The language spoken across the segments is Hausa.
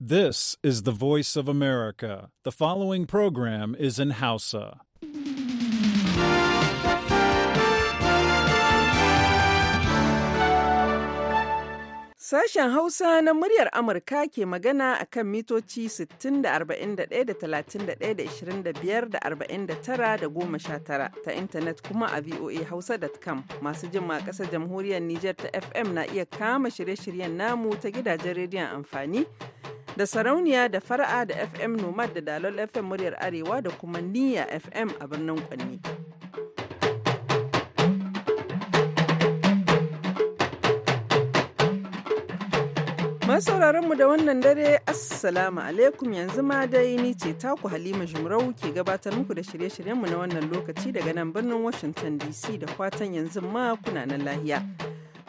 This is the voice of America. The following program is in Hausa. Sashen Hausa na muryar Amurka ke magana a kan mitoci 60 da 41 da 31 da 25 da 49 da 19 ta intanet kuma a voahausa.com masu jin ma ƙasar jamhuriyar Nijar ta FM na iya kama shirye-shiryen namu ta gidajen rediyon amfani da sarauniya da fara'a da fm nomad da dalol fm muryar arewa da kuma niyya fm a birnin kwanni mu da wannan dare assalamu alaikum yanzu ma dai ni ce taku halima jumrau ke gabatar muku da shirye-shiryenmu na wannan lokaci daga nan birnin washington dc da fatan yanzu ma kuna nan lahiya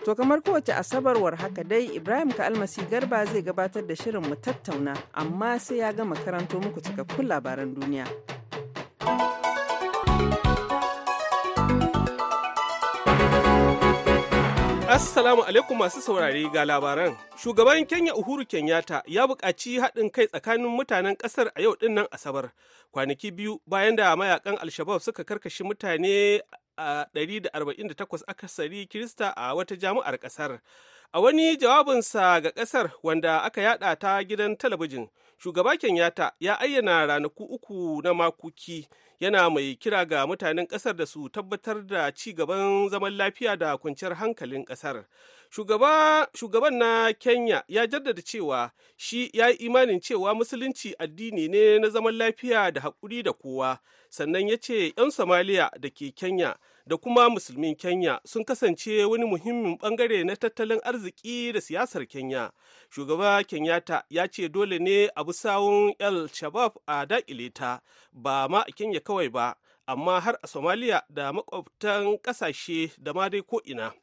To kamar kowace asabarwar haka dai Ibrahim Kalmasi Garba zai gabatar da shirin mu tattauna amma sai ya gama karanto muku cikakkun labaran duniya. Assalamu alaikum masu saurare ga labaran. Shugaban Kenya Uhuru Kenyatta ya buƙaci haɗin kai tsakanin mutanen ƙasar a yau ɗinnan Asabar, kwanaki biyu bayan da mayakan Alshabab suka karkashi mutane A 148 akasari Kirista a wata jami'ar ƙasar. A wani jawabinsa ga ƙasar wanda aka yada ta gidan talabijin, shugaba Kenyatta ya ayyana ranaku uku na makuki yana mai kira ga mutanen ƙasar da su tabbatar da ci gaban zaman lafiya da kwanciyar hankalin ƙasar. Shugaban na Kenya ya jaddada cewa shi ya yi imanin cewa musulunci addini ne na zaman lafiya da haƙuri da kowa, sannan ya ce 'yan Somaliya da ke Kenya da kuma musulmin Kenya sun kasance wani muhimmin bangare na tattalin arziki da siyasar Kenya. Shugaba Kenyatta ya ce dole ne a bi sawun El Shabab a daƙile ta ba ma a Kenya kawai ba, amma har a somaliya da makwabtan ƙasashe da ma dai ko'ina.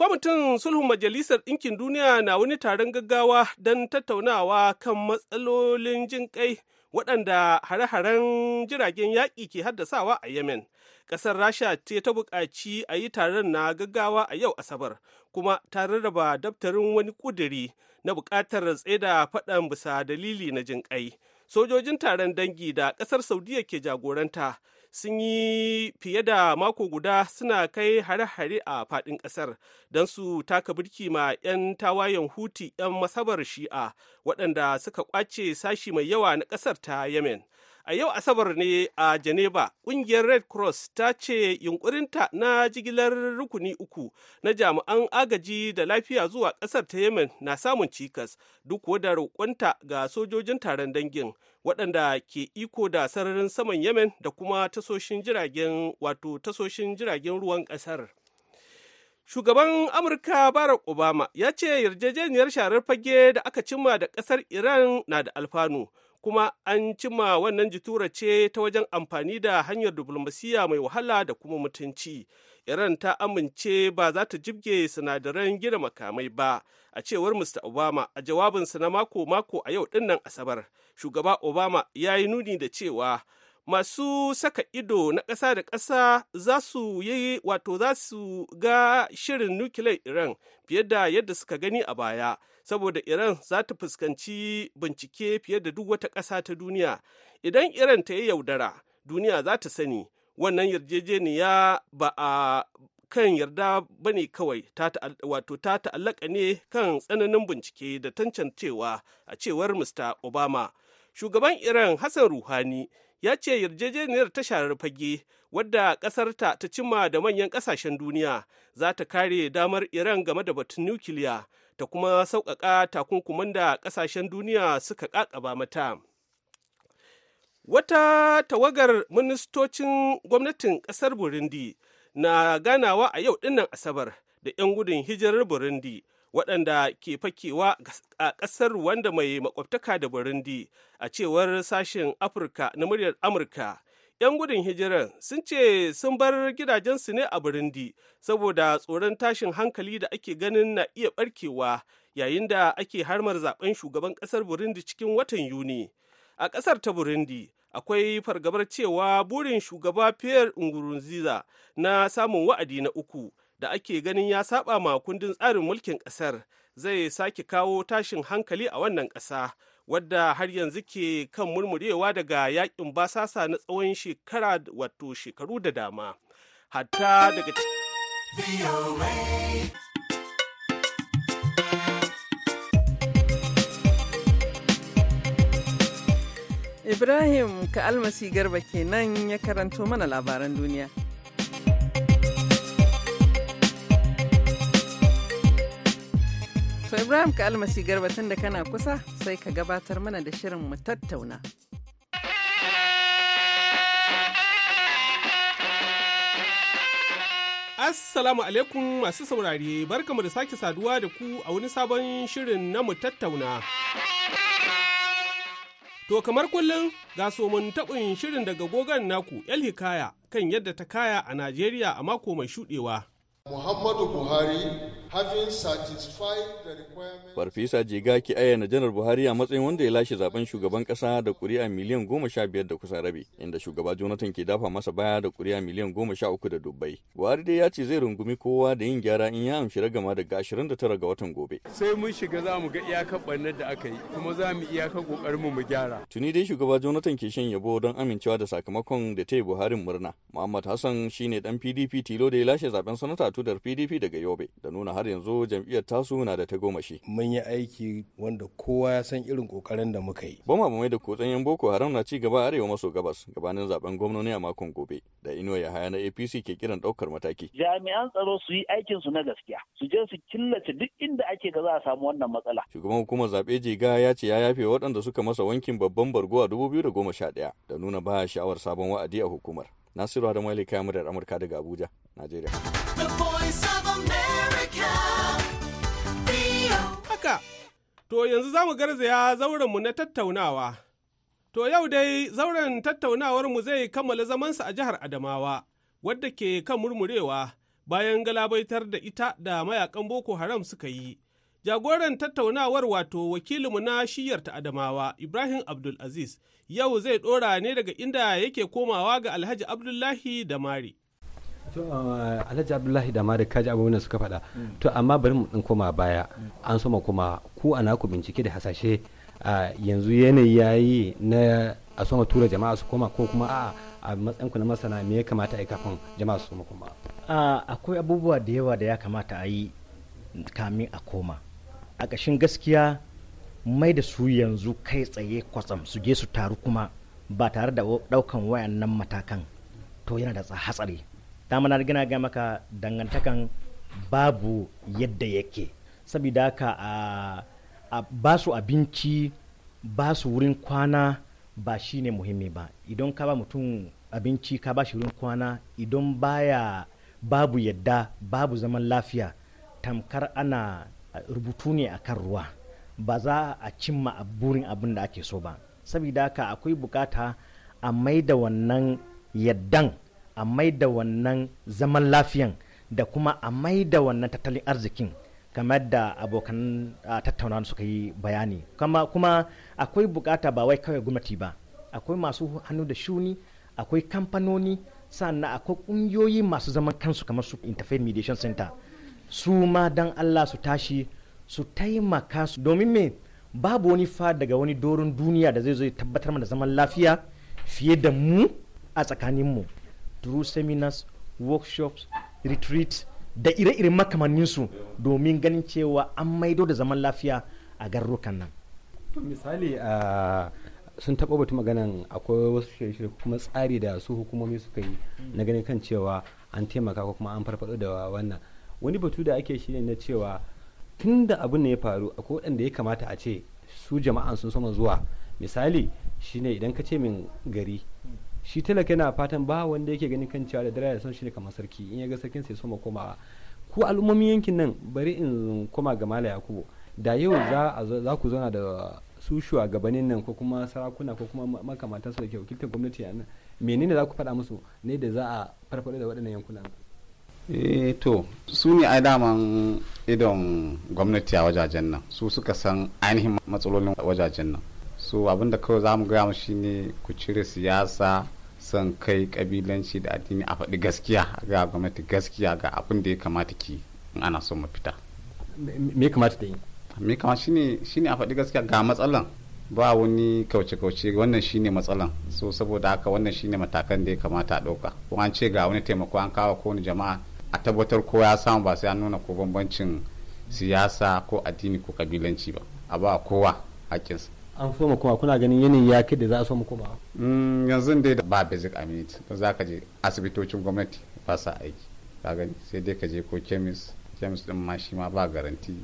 Kwamitin sulhun Majalisar Ɗinkin Duniya na wani taron gaggawa don tattaunawa kan matsalolin jin kai waɗanda hare-haren jiragen yaƙi ke haddasawa a Yemen. Ƙasar Rasha ce ta buƙaci a yi taron na gaggawa a yau Asabar, kuma ta rarraba daftarin wani ƙudiri na buƙatar tsaida faɗan bisa dalili na jin kai Sojojin taron dangi da ƙasar Saudiya ke jagoranta sun yi fiye da mako guda suna kai hare-hare a faɗin ƙasar don su taka birki ma 'yan tawayen huti 'yan masabar shi'a waɗanda suka ƙwace sashi mai yawa na ƙasar ta yemen A yau Asabar ne a Geneva, ƙungiyar Red Cross ta ce yunkurinta na jigilar rukuni uku na jami'an agaji da lafiya zuwa ƙasar ta Yemen na samun cikas duk da roƙonta ga sojojin taron dangin waɗanda ke iko da sararin saman Yemen da kuma tasoshin jiragen wato tasoshin jiragen ruwan ƙasar. Shugaban Amurka Barack Obama ya ce yarjejeniyar sharar fage da aka cimma da ƙasar Iran na da alfanu. kuma an cima wannan jitura ce ta wajen amfani da hanyar diflomasiyya mai wahala da kuma mutunci iran ta amince ba za ta jibge sinadaran gina makamai ba a cewar mr obama a jawabinsa na mako-mako a yau dinnan asabar shugaba obama ya yi nuni da cewa masu saka ido na ƙasa da ƙasa za su yi wato za su ga shirin nukiliyar iran fiye da yadda suka gani a baya saboda iran za ta fuskanci bincike fiye da duk wata ƙasa ta duniya idan iran ta yi yaudara duniya za ta sani wannan yarjejeniya ba a kan yarda ba ne kawai wato ta ta'allaka ne kan tsananin bincike da cewa a cewar mr obama shugaban iran hassan ruhani ya ce yarjejeniyar ta sharar fage wadda ƙasarta ta cimma da manyan ƙasashen duniya za ta kare damar iran game da batun nukiliya ta kuma sauƙaƙa takunkuman da ƙasashen duniya suka ƙaƙaba mata wata tawagar ministocin gwamnatin ƙasar burundi na ganawa a yau dinnan asabar da 'yan gudun hijirar burundi waɗanda ke fakewa a ƙasar wanda mai makwabtaka da burundi a cewar sashen afirka na muryar amurka 'yan gudun hijiran sun ce sun bar gidajensu ne a burundi saboda tsoron tashin hankali da ake ganin na iya ɓarkewa, yayin da ake harmar zaben shugaban ƙasar burundi cikin watan yuni a ƙasar ta burundi akwai fargabar cewa burin shugaba pierre nkurunziza na samun wa'adi na uku da ake ganin ya saba ma kundin tsarin mulkin ƙasar zai sake kawo tashin hankali a wannan ƙasa wadda har yanzu ke kan murmurewa daga yakin basasa na tsawon shekara wato shekaru da dama hatta daga Ibrahim ka almasi garba kenan ya karanto mana labaran duniya. To Ibrahim ka almasi garba tun da kana kusa sai ka gabatar mana da shirin mu tattauna. Assalamu alaikum masu saurare barkamu da sake saduwa da ku a wani sabon shirin na mu tattauna. To kamar kullum ga mun taɓin shirin daga gogon naku El Hikaya kan yadda ta kaya a Najeriya a mako mai shuɗewa. Muhammadu Buhari Farfesa Jega ki ayyana Janar Buhari a matsayin wanda ya lashe zaben shugaban kasa da kuri'a miliyan goma sha biyar da kusa rabe, inda shugaba Jonathan ke dafa masa baya da kuri'a miliyan goma sha uku da dubbai. Buhari dai ya ce zai rungumi kowa da yin gyara in ya amshi ragama daga ashirin da tara ga watan gobe. Sai mun shiga za mu ga iyakar ɓarnar da aka yi, kuma za mu iyakar ƙoƙarinmu mu gyara. Tuni dai shugaba Jonathan ke shan yabo don amincewa da sakamakon da ta yi Buhari murna. Muhammad Hassan shine dan PDP tilo da ya lashe zaben sanata tudar PDP daga Yobe da nuna har yanzu jam'iyyar tasu na da shi. Mun yi aiki wanda kowa ya san irin kokarin da muka yi. Bama mai da kotsan yan Boko Haram na ci gaba arewa maso gabas gabanin zaben gwamnoni a makon gobe da Inuwa haya na APC ke kiran daukar mataki. Jami'an tsaro su yi aikin su na gaskiya su je su killace duk inda ake ga za a samu wannan matsala. Shugaban hukumar zaɓe Jiga ya ce ya yafe waɗanda suka masa wankin babban bargo a 2011 da nuna baya sha'awar sabon wa'adi a hukumar. Nasiru Adamu Ali kayan muryar Amurka daga Abuja, Najeriya. Haka, to yanzu za mu garzaya zaurenmu na tattaunawa. To yau dai zauren tattaunawarmu zai kammala zamansa a jihar Adamawa, wadda ke kan murmurewa bayan galabaitar da ita da mayakan Boko Haram suka yi. Jagoran tattaunawar wato wakilinmu na shiyar ta Adamawa Ibrahim Abdulaziz yau zai ɗora ne daga inda yake komawa ga Alhaji Abdullahi da Mari. To uh, Alhaji Abdullahi da Mari kaji abubuwan da suka faɗa. To amma bari mu ɗin koma baya an soma kuma ku ana ku bincike da hasashe yanzu yanayi yayi na a soma tura jama'a su koma ko kuma a'a a ku na masana me ya kamata a yi kafin jama'a su koma. Akwai abubuwa da yawa da ya kamata a yi kamin a koma. a ƙashin gaskiya mai da su yanzu kai tsaye kwatsam su je su taru kuma ba tare da ɗaukan wayannan matakan to yana da hatsari ta mana gina ga maka dangantakan babu yadda yake saboda haka a ba su abinci ba su wurin kwana ba shi ne muhimmi ba idan ka ba mutum abinci ka ba shi wurin kwana idan baya babu yadda babu zaman lafiya tamkar ana rubutu ne a kan ruwa ba za a cimma a burin abin da ake so ba saboda haka akwai bukata a maida wannan yaddan a maida wannan zaman lafiyan da kuma a maida wannan tattalin arzikin kamar da abokan tattaunawa suka yi bayani kuma akwai bukata ba wai kawai gwamnati ba akwai masu hannu da shuni akwai kamfanoni sannan akwai kungiyoyi masu zaman kansu kamar su interfaith mediation center su ma dan Allah su tashi su taimaka su domin me babu wani fa daga wani doron duniya da zai zo ya tabbatar mana zaman lafiya fiye da mu a tsakaninmu through seminars workshops retreat da ire-iren makamanninsu domin ganin cewa an maido da zaman lafiya a garrukan nan misali a ah, sun taɓa batu maganan akwai wasu shirye-shirye kuma tsari da su hukumomi suka yi na ganin kan cewa an taimaka ko kuma an farfado da wannan wani batu da ake shine na cewa tun da abin ya faru ko waɗanda ya kamata a ce su jama'an sun sama zuwa misali shine idan ka ce min gari shi talaka yana fatan ba wanda yake ganin kan cewa da dare da son shine kamar sarki in ya ga sarkin sai soma komawa ku al'ummomin yankin nan bari in koma ga mala yakubu da yau za ku zauna da su shugabannin nan ko kuma sarakuna ko kuma makamantansu da ke wakiltar gwamnati a nan menene za ku faɗa musu ne da za a farfaɗo da waɗannan yankunan Eh, to su ne ai daman idon gwamnati a wajajen nan su suka san ainihin matsalolin wajajen nan so abinda kawai za mu gaya mu shine ku cire siyasa san kai kabilanci da addini a faɗi gaskiya ga gwamnati gaskiya ga abin da ya kamata ki in ana son mafita me kamata da yi me kamata shine shine a faɗi gaskiya ga matsalan ba wani kauce-kauce wannan shine matsalan so saboda haka wannan shine matakan da ya kamata a ɗauka ko an ce ga wani taimako an kawo ko wani jama'a a tabbatar ko ya samu ba sai an nuna ko bambancin siyasa ko addini ko kabilanci ba a ba kowa hakinsa an so kuma kuna ganin yanayin ya da za a so kuma mm, yanzu dai ba basic amenity ba za ka je asibitocin gwamnati ba sa aiki ka gani sai dai ka je ko chemist chemist din ma shi ma ba garanti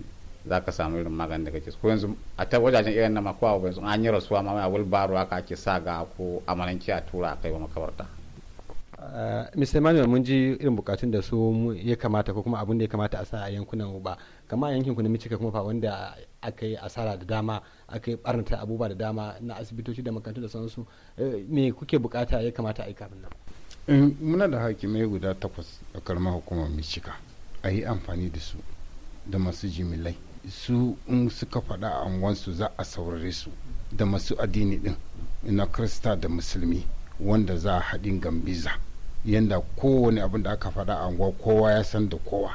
za ka samu irin magani da kake ko yanzu a ta wajajen irin na ma ko a yanzu an yi rasuwa ma wani wulbaro ka ake sa ga ko amalanke a tura a kai ba makabarta Eh, Mr. Emmanuel mun ji irin bukatun da su ya kamata ko kuma abin da ya kamata a sa a yankunan ba kama yankin ku na Michigan kuma fa wanda aka yi asara da dama aka yi barnata abubuwa da dama na asibitoci da makarantu da sauransu eh, me kuke bukata ya kamata a yi kafin nan eh, muna da hakimai guda takwas a karamar hukumar Michigan a yi amfani da su da masu jimilai su in suka faɗa a wansu za a saurare su da masu addini din na krista da musulmi wanda za a haɗin gambiza yadda kowane abin da aka faɗa a unguwa kowa ya san da kowa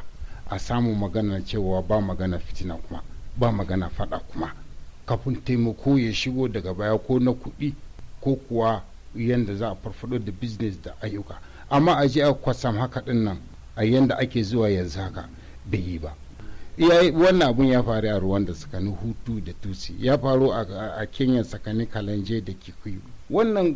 a samu magana cewa ba magana fitina kuma ba magana faɗa kuma kafin taimako ya shigo daga baya ko na kuɗi ko kuwa yadda za a farfado da business da ayyuka amma a je a kwasam haka ɗin nan a yadda ake zuwa yanzu haka bai yi ba wannan abun ya faru a ruwan da tsakanin hutu da tusi ya faru a kenya tsakanin kalanje da kikuyu wannan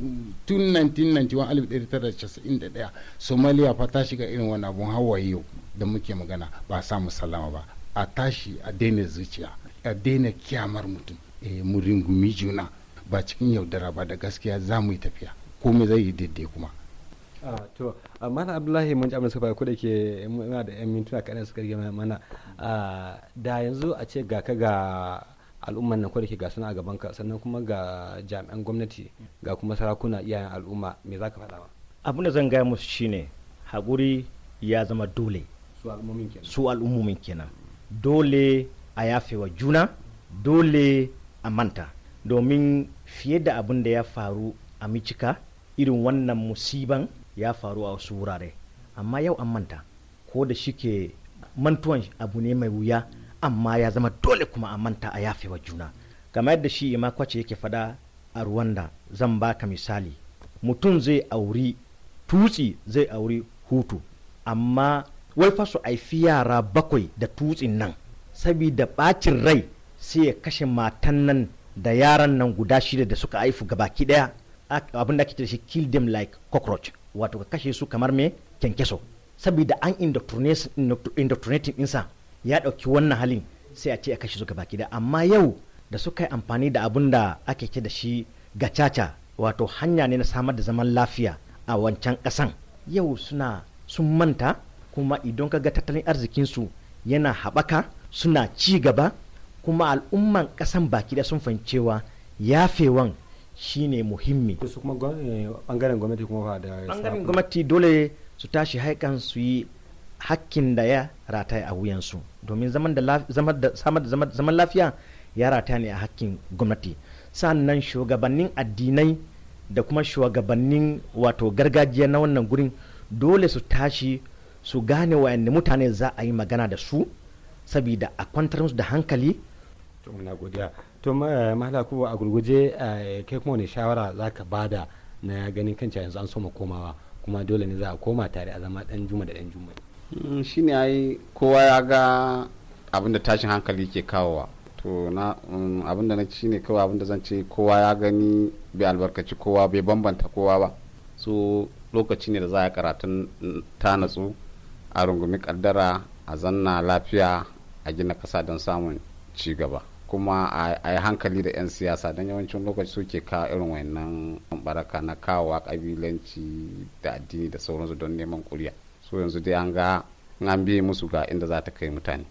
tun 1991 somaliya fa ta shiga irin wani abun hawaye da muke magana ba samu salama ba a tashi a daina zuciya a daina kyamar mutum e, mu rungumi juna ba cikin yaudara ba da gaskiya za mu yi tafiya komai zai yi daidai kuma ah, to ah, amma na abdullahi mun ji amsa ku da ke muna da yan mintuna kaɗan suka rige mana ah, da yanzu a ce ga ka ga al'umman nan da ga suna a gaban sannan kuma ga jami'an gwamnati ga kuma sarakuna iyayen al'umma me za ka faɗa ba abin da zan gaya musu shine haƙuri ya zama dole su al'ummomin kenan dole a yafewa juna dole a manta domin fiye da abin da ya faru a micika irin wannan musiban ya faru a wasu wurare amma yau an manta ko da shike mantuwan abu ne mai wuya amma ya zama dole kuma a manta a yafe wa juna kamar yadda shi ima kwace yake fada a ruwanda zan baka misali mutum zai auri tutsi zai auri hutu amma wai fa su aifi yara bakwai da tutsin nan sabida bacin rai sai ya kashe matan nan da yaran nan guda shida da suka haifu gabaki daya abin da ake da shi kill them like cockroach wato ka kashe su kamar me kyankyaso sabida an indoctrinating insa ya ɗauki wannan halin sai a ce a kashe su baki da amma yau da suka yi amfani da abun da ake ke da shi gacaca wato hanya ne na samar da zaman lafiya a wancan ƙasan yau suna sun manta kuma idan ka ga tattalin arzikinsu yana haɓaka suna ci gaba kuma al'umman ƙasan baki da sun yafewan shine muhimmi bangaren eh, gwamnati kuma da bangaren gwamnati dole su tashi haikan su yi hakkin da ya rataya a wuyansu domin zaman da zaman lafiya ya rataya ne a hakkin gwamnati sannan shugabannin addinai da kuma shugabannin wato gargajiya na wannan gurin dole su tashi su gane wayanne mutane za a yi magana da su sabida a kwantar musu da hankali to muna a gurguje eh, kai kuma wani shawara za ka bada na ganin kanci yanzu an so komawa kuma dole ne za a koma tare a zama dan juma da dan juma Mm, shi ne ai kowa ya ga abin da tashin hankali ke kawowa to na mm, abin da na shi ne kawai abin da zan ce kowa ya gani bai albarkaci kowa bai bambanta kowa ba so lokaci ne da za a karatun mm, ta natsu a rungumi kaddara a zanna lafiya a gina kasa don samun ci gaba kuma a yi hankali da 'yan siyasa don yawancin lokaci suke ka irin wayannan baraka na kawowa kabilanci da addini da sauransu don neman kuriya so yanzu dai an ga an biye musu ga inda za ta kai mutane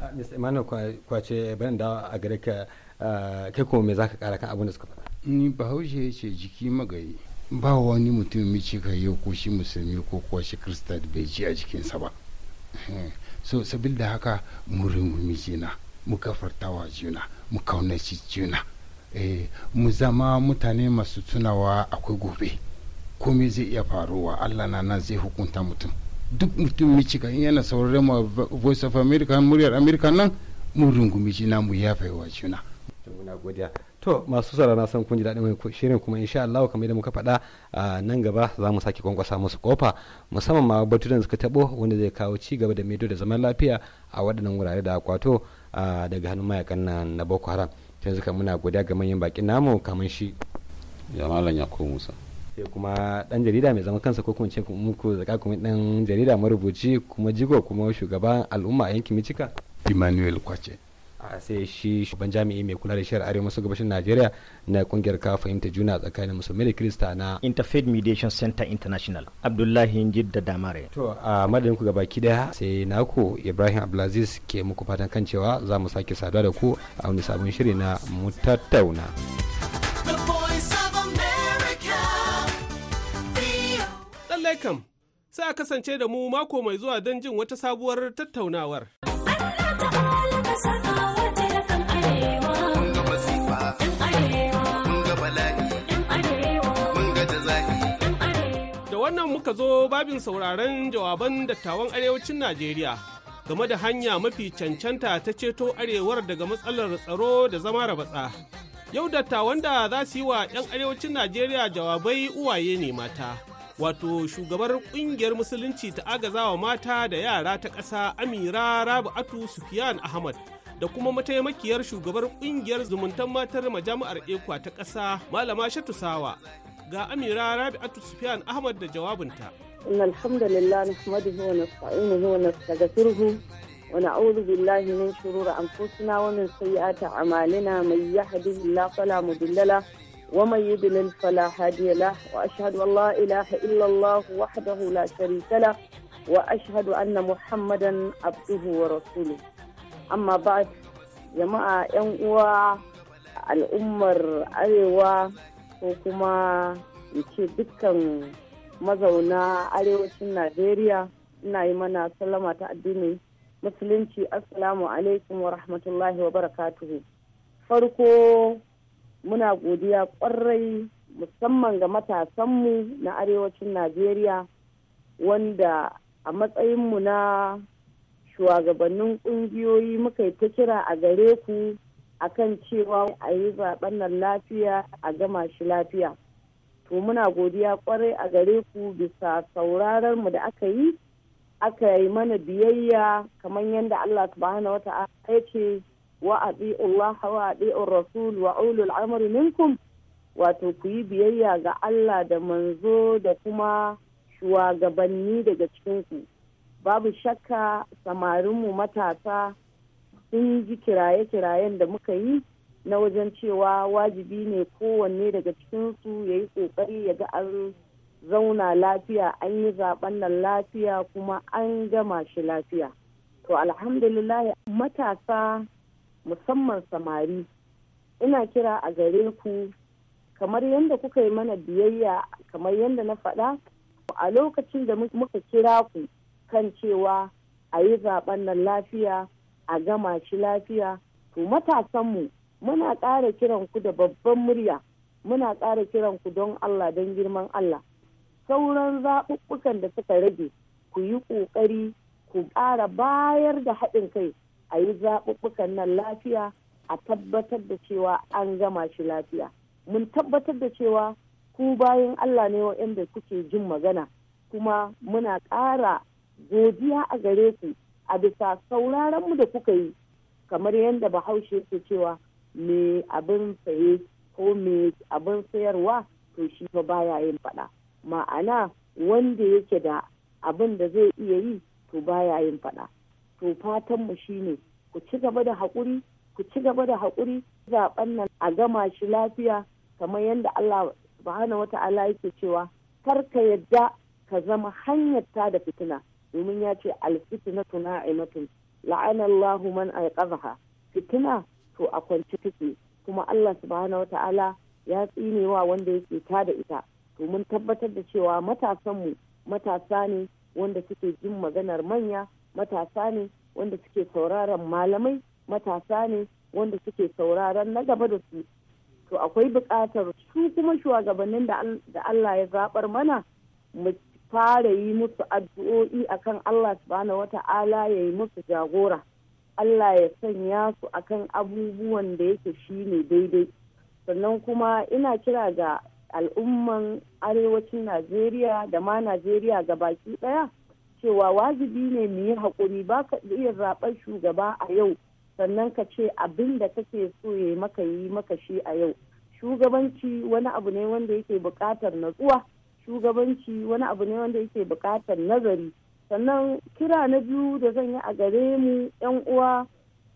ah, mr emmanuel kwace ban da a gare ka ah, kai kuma me za ka kara kan abin da suka faɗa ni bahaushe ya ce jiki magayi ba wani mutum ce ka yau ko shi musulmi ko kuwa shi kirista da bai ji a jikinsa ba eh, so sabil haka mu rungumi juna mu gafartawa juna mu kaunaci juna eh, mu zama mutane masu tunawa akwai gobe komai zai iya faruwa allah na nan zai hukunta mutum duk mutum kan yana sauraron ma voice of america muryar america nan mun rungumi na mu ya faiwa juna to masu sara na san kun ji daɗin wani shirin kuma insha Allah kamar yadda muka faɗa a nan gaba za mu sake kwankwasa musu kofa musamman ma baturen suka tabo wanda zai kawo ci gaba da medo da zaman lafiya a waɗannan wurare da akwato daga hannun mayakan nan na Boko Haram yanzu kan muna godiya ga manyan bakin namu kamar shi ya malam Yakubu Musa sai kuma dan jarida mai zama kansa ko kuma ce muku zaka kuma dan jarida marubuci kuma jigo kuma shugaban al'umma a yankin Michika Emmanuel Kwace a sai shi shugaban jami'i mai kula da shahar arewa maso gabashin Najeriya na kungiyar ka fahimta juna tsakanin musulmi da Kirista na Interfaith Mediation Center International Abdullahi Jidda Damare to a madadin ku gabaki daya sai naku Ibrahim Abdulaziz ke muku fatan kan cewa za mu sake saduwa da ku a wani sabon shiri na mu tattauna Lallai sai a kasance da mu mako mai zuwa don jin wata sabuwar tattaunawar. Da wannan muka zo babin sauraron jawaban dattawan arewacin Najeriya game da hanya mafi cancanta ta ceto arewar daga matsalar tsaro da zama rabatsa. Yau dattawan da za su yi wa 'yan arewacin Najeriya jawabai uwaye ne mata. wato shugabar kungiyar musulunci ta agazawa mata da yara ta ƙasa amira rabu'atu sufiyan ahmad da kuma mataimakiyar shugabar kungiyar zumuntan matar majami'ar ekwa ta ƙasa malama shatusawa ga amira rabi'atu sufiyan ahmad da jawabinta إن الحمد لله نحمده ونستعينه ونستغفره ونعوذ بالله من شرور أنفسنا ومن سيئات أعمالنا من يهده الله فلا مضل له ومن يضلل فلا هادي له وأشهد أن لا إله إلا الله وحده لا شريك له وأشهد أن محمدا عبده ورسوله أما بعد جماعة ينقوى al'ummar arewa ko kuma ce dukkan mazauna arewacin najeriya ina yi mana sallama ta addini musulunci assalamu alaikum wa rahmatullahi wa barakatuhu farko muna godiya kwarai musamman ga matasanmu na arewacin najeriya wanda a matsayinmu na shugabannin kungiyoyi muka yi ta kira a gare ku akan cewa a yi zaben nan lafiya a gama shi lafiya to muna godiya kwarai a gare ku bisa saurararmu da aka yi aka yi mana biyayya kamar yadda allah subhanahu wata'ala ya ce wa adi'u Allah wa adi'u Rasul wa ulul amri minkum wato kuyi biyayya ga Allah da manzo da kuma shugabanni daga cikinsu. babu shakka samarinmu matasa sun ji kiraye-kirayen da muka yi na wajen cewa wajibi ne kowanne daga cikinsu ya yi ƙoƙari ya ga an zauna lafiya an yi zaɓen nan lafiya kuma an gama shi lafiya to alhamdulillah matasa musamman samari ina kira a gare ku kamar yadda kuka yi mana biyayya kamar yadda na faɗa a lokacin da muka kira ku kan cewa a yi zaben nan lafiya a gama shi lafiya to matasanmu muna ƙara kiran ku da babban murya muna ƙara kiran ku don Allah don girman Allah sauran zaɓuɓɓukan da suka rage ku yi ƙoƙari ku ƙara bayar da haɗin kai a yi zaɓuɓɓukan nan lafiya a tabbatar da cewa an gama shi lafiya mun tabbatar da cewa ku bayan allah ne waɗanda kuke jin magana kuma muna ƙara godiya a gare ku a bisa sauraron mu da kuka yi kamar yadda bahaushe ke cewa me abin saye ko me abin sayarwa to shi ba baya yin faɗa ma'ana wanda yake da abin da zai iya yi to baya yin faɗa to fatanmu mu shine ku ci gaba da haƙuri ku ci gaba da haƙuri zaben nan a gama shi lafiya kamar yadda Allah subhanahu wata'ala yake cewa kar ka yadda ka zama hanyar ta da fitina domin ya ce alfitinatu na'imatun la'ana Allahu man aiqadha fitina to a kwance take kuma Allah subhanahu wata'ala ya tsinewa wanda yake ta da ita to mun tabbatar da cewa matasanmu matasa ne wanda suke jin maganar manya matasa ne wanda suke sauraron malamai matasa ne wanda suke sauraron na gaba da su to akwai buƙatar su kuma shugabannin da Allah ya zaɓar mana mu fara yi musu addu'o'i akan Allah subhanahu wata'ala ya yi musu jagora Allah ya sanya su akan abubuwan da yake shi ne daidai sannan kuma ina kira ga al'umman arewacin Najeriya da ma Najeriya ga baki ɗaya. cewa wajibi ne mu yi haƙuri ba ka iya zaɓar shugaba a yau sannan ka ce abin da kake so ya maka yi maka shi a yau shugabanci wani abu ne wanda yake buƙatar natsuwa shugabanci wani abu ne wanda yake buƙatar nazari sannan kira na biyu da zan yi a gare mu yan uwa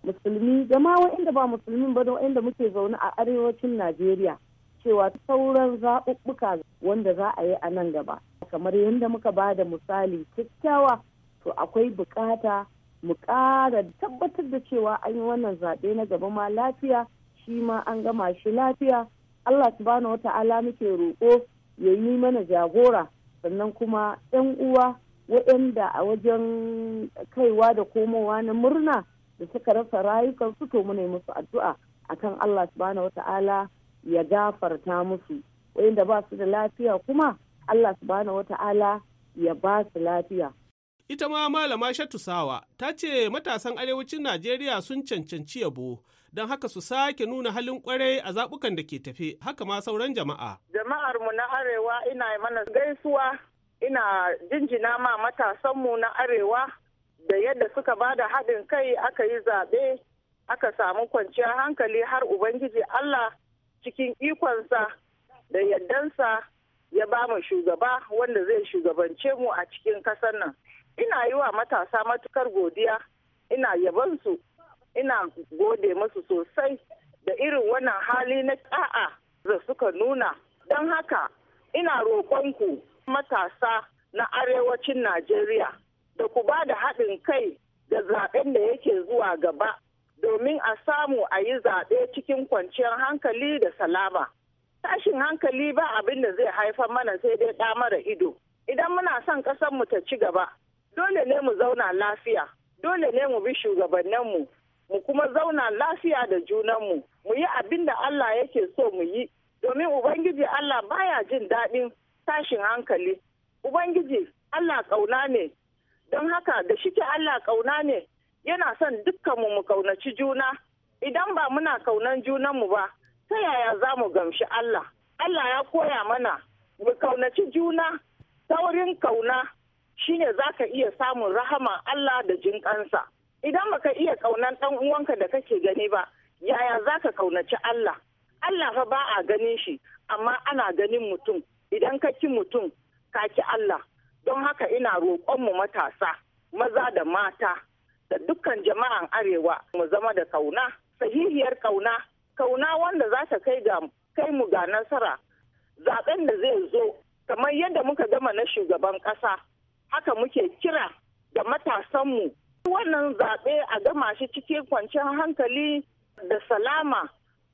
musulmi da ma wa'inda ba musulmin ba da wa'inda muke zaune a arewacin najeriya cewa sauran zaɓuɓɓuka wanda za a yi a nan gaba kamar yadda muka ba da misali kyakkyawa to akwai bukata mu ƙara tabbatar da cewa an yi wannan zaɓe na gaba ma lafiya shi ma an gama shi lafiya Allah subhanahu wata'ala muke roƙo ya yi mana jagora sannan kuma 'yan uwa waɗanda a wajen kaiwa da komowa na murna da suka rasa rayukansu to mu musu addu'a akan Allah subhanahu wata'ala ya gafarta musu wanda ba su da lafiya kuma Allah subhanahu wata'ala ya ba su lafiya ita ma malama shatusawa ta ce matasan arewacin najeriya sun cancanci yabo don haka su sake nuna halin kwarai a zaɓukan da ke tafe haka ma sauran jama'a jama'ar mu na arewa ina mana gaisuwa ina jinjina ma matasan mu na arewa da yadda suka ba da haɗin kai aka yi zaɓe aka samu kwanciyar hankali har ubangiji allah cikin ikonsa da yardansa ya ba mu shugaba wanda zai shugabance mu a cikin kasar nan ina yi wa matasa matukar godiya ina yabansu ina gode masu sosai da irin wannan hali na ta'a da suka nuna don haka ina roƙonku matasa na arewacin najeriya da ku ba da haɗin kai da zaɓen da yake zuwa gaba domin a samu a yi zaɓe cikin kwanciyar hankali da salama. Tashin hankali ba abin da zai haifar mana sai dai ɗa mara ido. Idan muna son mu ta ci gaba, dole ne mu zauna lafiya, dole ne mu bi shugabanninmu, mu kuma zauna lafiya da junanmu, mu yi abin da Allah yake so mu yi, domin Ubangiji Allah baya jin daɗin tashin hankali. Ubangiji Allah ƙauna ne, don haka da shike Allah ƙauna ne, yana son dukkanmu mu kaunaci juna idan ba muna kaunan junanmu ba ta yaya za mu gamshi Allah Allah ya koya mana mu kaunaci juna taurin kauna shine za ka iya samun rahama Allah da jinƙansa idan baka iya kaunan ɗan uwanka da kake gani ba yaya za ka kaunaci Allah Allah fa ba a ganin shi amma ana ganin mutum idan ka ki mutum ka ki Allah don haka ina roƙonmu matasa maza da mata da dukkan jama'an arewa mu zama da kauna sahihiyar kauna kauna wanda za ta kai ga kai mu ga nasara zaben da zai zo kamar yadda muka gama na shugaban kasa haka muke kira da matasanmu wannan zaɓe a gama shi cikin kwanciyar hankali da salama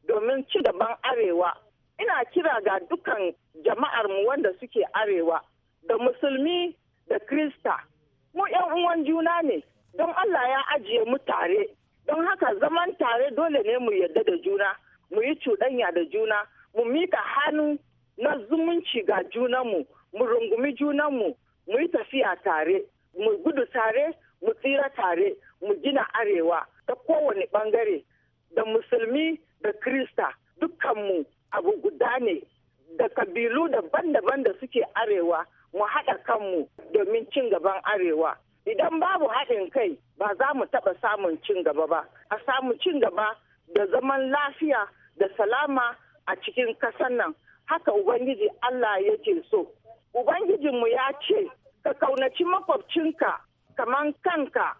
domin ci gaban arewa ina kira ga dukkan jama'armu wanda suke arewa da musulmi da krista mu 'yan uwan juna ne don Allah ya ajiye mu tare don haka zaman tare dole ne mu yarda da juna mu yi cuɗanya da juna mu mika hannu na zumunci ga junanmu mu mu rungumi junanmu mu yi tafiya tare mu gudu tare mu tsira tare mu gina arewa ta kowane bangare da musulmi da krista dukkanmu abu guda ne da kabilu daban-daban da suke arewa mu haɗa kanmu domin cin gaban arewa Idan babu haɗin kai ba za mu taɓa samun cin gaba ba, a samu cin gaba da zaman lafiya da salama a cikin ƙasar nan. Haka Ubangiji Allah yake so. Ubangijinmu ya ce, ka kaunaci makwabcinka kaman kanka,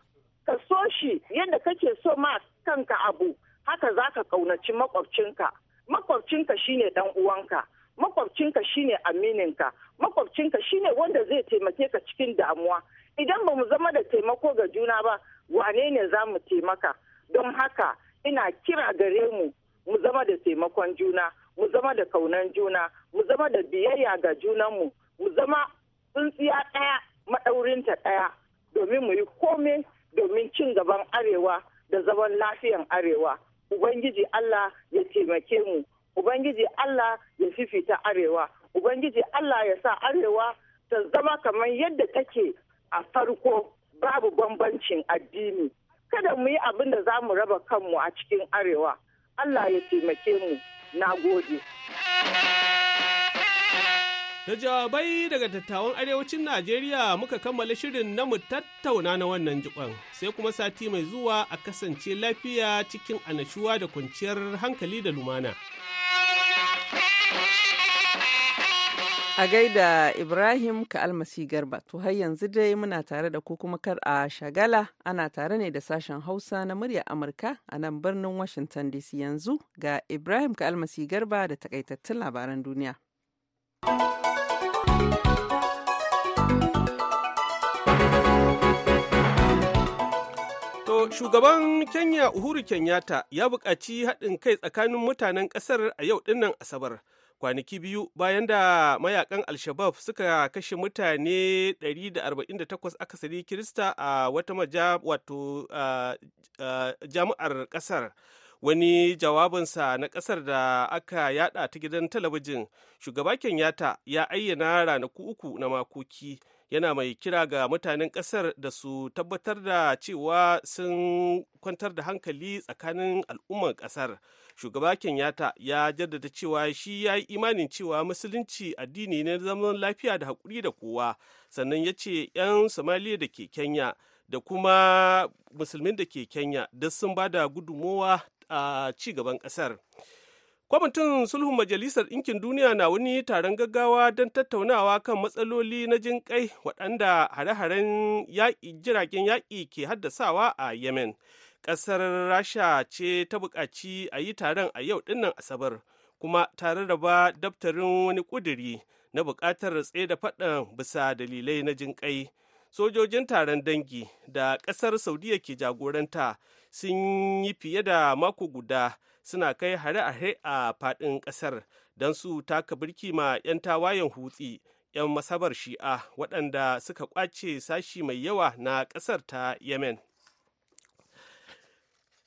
ka so shi yadda kake so ma kanka abu, haka za ka kaunaci makwabcinka. Makwabcinka shine dan uwanka. makwabcinka shine amininka makwabcinka shine wanda zai taimake ka cikin damuwa idan ba mu zama da taimako ga juna ba wane ne za mu taimaka don haka ina kira gare mu mu zama da taimakon juna mu zama da kaunan juna mu zama da biyayya ga junanmu mu zama tsintsiya ɗaya maɗaurinta ɗaya domin mu yi komai domin cin gaban arewa da zaman lafiyan arewa ubangiji allah ya taimake mu ubangiji allah ya fifita arewa ubangiji allah ya sa arewa ta zama kamar yadda take a farko babu bambancin addini kada mu yi abin da za mu raba kanmu a cikin arewa allah ya taimake mu na gode da jawabai daga dattawan arewacin najeriya muka kammala shirin na mu tattauna na wannan jikon sai kuma sati mai zuwa a kasance lafiya cikin anashuwa da kwanciyar hankali da lumana. A gaida Ibrahim ka almasi garba, to har yanzu dai muna tare da ku kuma kar a shagala ana tare ne da sashen Hausa na murya Amurka a nan birnin Washington DC yanzu ga Ibrahim ka almasi garba da takaitattun labaran duniya. shugaban Kenya Uhuru Kenyatta ya buƙaci haɗin kai tsakanin mutanen ƙasar a yau ɗinnan Asabar kwanaki biyu bayan da mayakan al-shabab suka kashe mutane 148 akasari kirista a wata maja wato jami'ar kasar wani jawabinsa na kasar da aka yada ta gidan talabijin shugaba kenyatta ya ayyana ranaku uku na makoki yana mai kira ga mutanen ƙasar da su tabbatar da cewa sun kwantar da hankali tsakanin al'ummar ƙasar shugaba kenyatta ya jaddada cewa shi ya yi imanin cewa musulunci addini ne zaman lafiya da haƙuri da kowa sannan ya ce 'yan somaliya da ke kenya da kuma musulmin da ke kenya duk sun ba da gudunmowa a ci gaban ƙasar. kwamitin sulhun majalisar ɗinkin duniya na wani taron gaggawa don tattaunawa kan matsaloli na jin kai waɗanda hare-haren jiragen yaƙi ke haddasawa a yemen ƙasar rasha ce ta buƙaci a yi taron a yau ɗinnan asabar kuma ta rarraba daftarin wani ƙudiri na buƙatar da faɗan bisa dalilai na jin kai sojojin taron dangi da ƙasar saudiya ke jagoranta sun yi fiye da mako guda suna kai hare-hare a faɗin ƙasar don su taka birki ma 'yan tawayen hutsi 'yan masabar shi'a waɗanda suka kwace sashi mai yawa na ƙasar ta yemen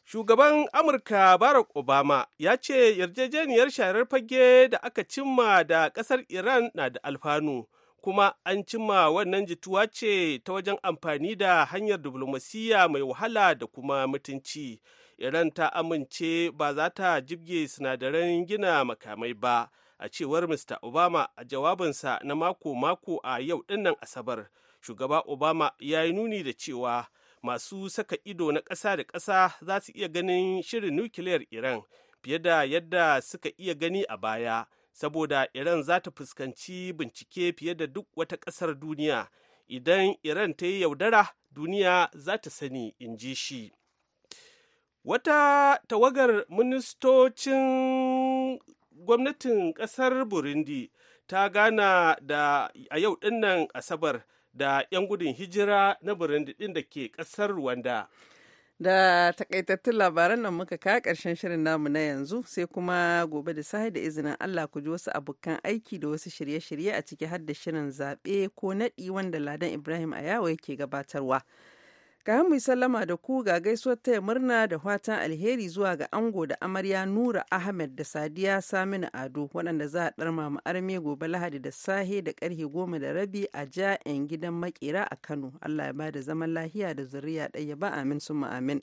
shugaban amurka barack obama ya ce yarjejeniyar sharar fage da aka cimma da ƙasar iran na da alfanu kuma an cimma wannan jituwa ce ta wajen amfani da hanyar diflomasiyya mai wahala da kuma mutunci iran ta amince ba za ta jibge sinadaran gina makamai ba a cewar mr obama a jawabinsa na mako-mako a yau dinnan asabar shugaba obama ya yi nuni da cewa masu saka ido na ƙasa da ƙasa za su iya ganin shirin nukiliyar iran fiye da yadda suka iya gani a baya saboda iran za ta fuskanci bincike fiye da duk wata ƙasar duniya idan iran ta yi yaudara duniya za ta sani in ji shi wata tawagar ministocin gwamnatin kasar burundi ta gana da a yau dinnan asabar da 'yan gudun hijira na burundi din da ke kasar rwanda da takaitattun labaran nan muka kawo ƙarshen shirin namu na yanzu sai kuma gobe da sahi da izinin Allah ku ji wasu abokan aiki da wasu shirye-shirye a ciki har da shirin zaɓe ko naɗi wanda ladan ibrahim a yawo yake gabatarwa Ka mu sallama da ku ga gaisuwar taya murna da fatan alheri zuwa ga ango da amarya Nura Ahmed da Sadiya Saminu Ado waɗanda za a ɗarma mu arme gobe Lahadi da sahe da karhe goma da rabi a ja'in gidan makera a Kano. Allah ya ba da zaman lahiya da zuriya ɗaya ba amin sun amin.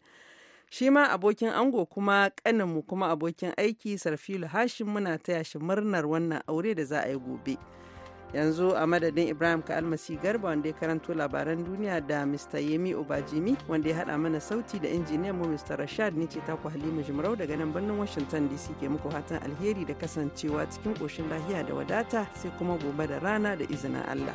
Shi ma abokin ango kuma mu kuma abokin aiki Sarfilu Hashim muna taya shi murnar wannan aure da za a yi gobe. yanzu a madadin ibrahim ka almasi garba wanda ya karanto labaran duniya da mr yemi obajimi wanda ya hada mana sauti da injiniyan mu mr rashad ne ce ta ku halima jimarau daga nan birnin washington dc ke muku fatan alheri da kasancewa cikin koshin lahiya da wadata sai kuma gobe da rana da izinin allah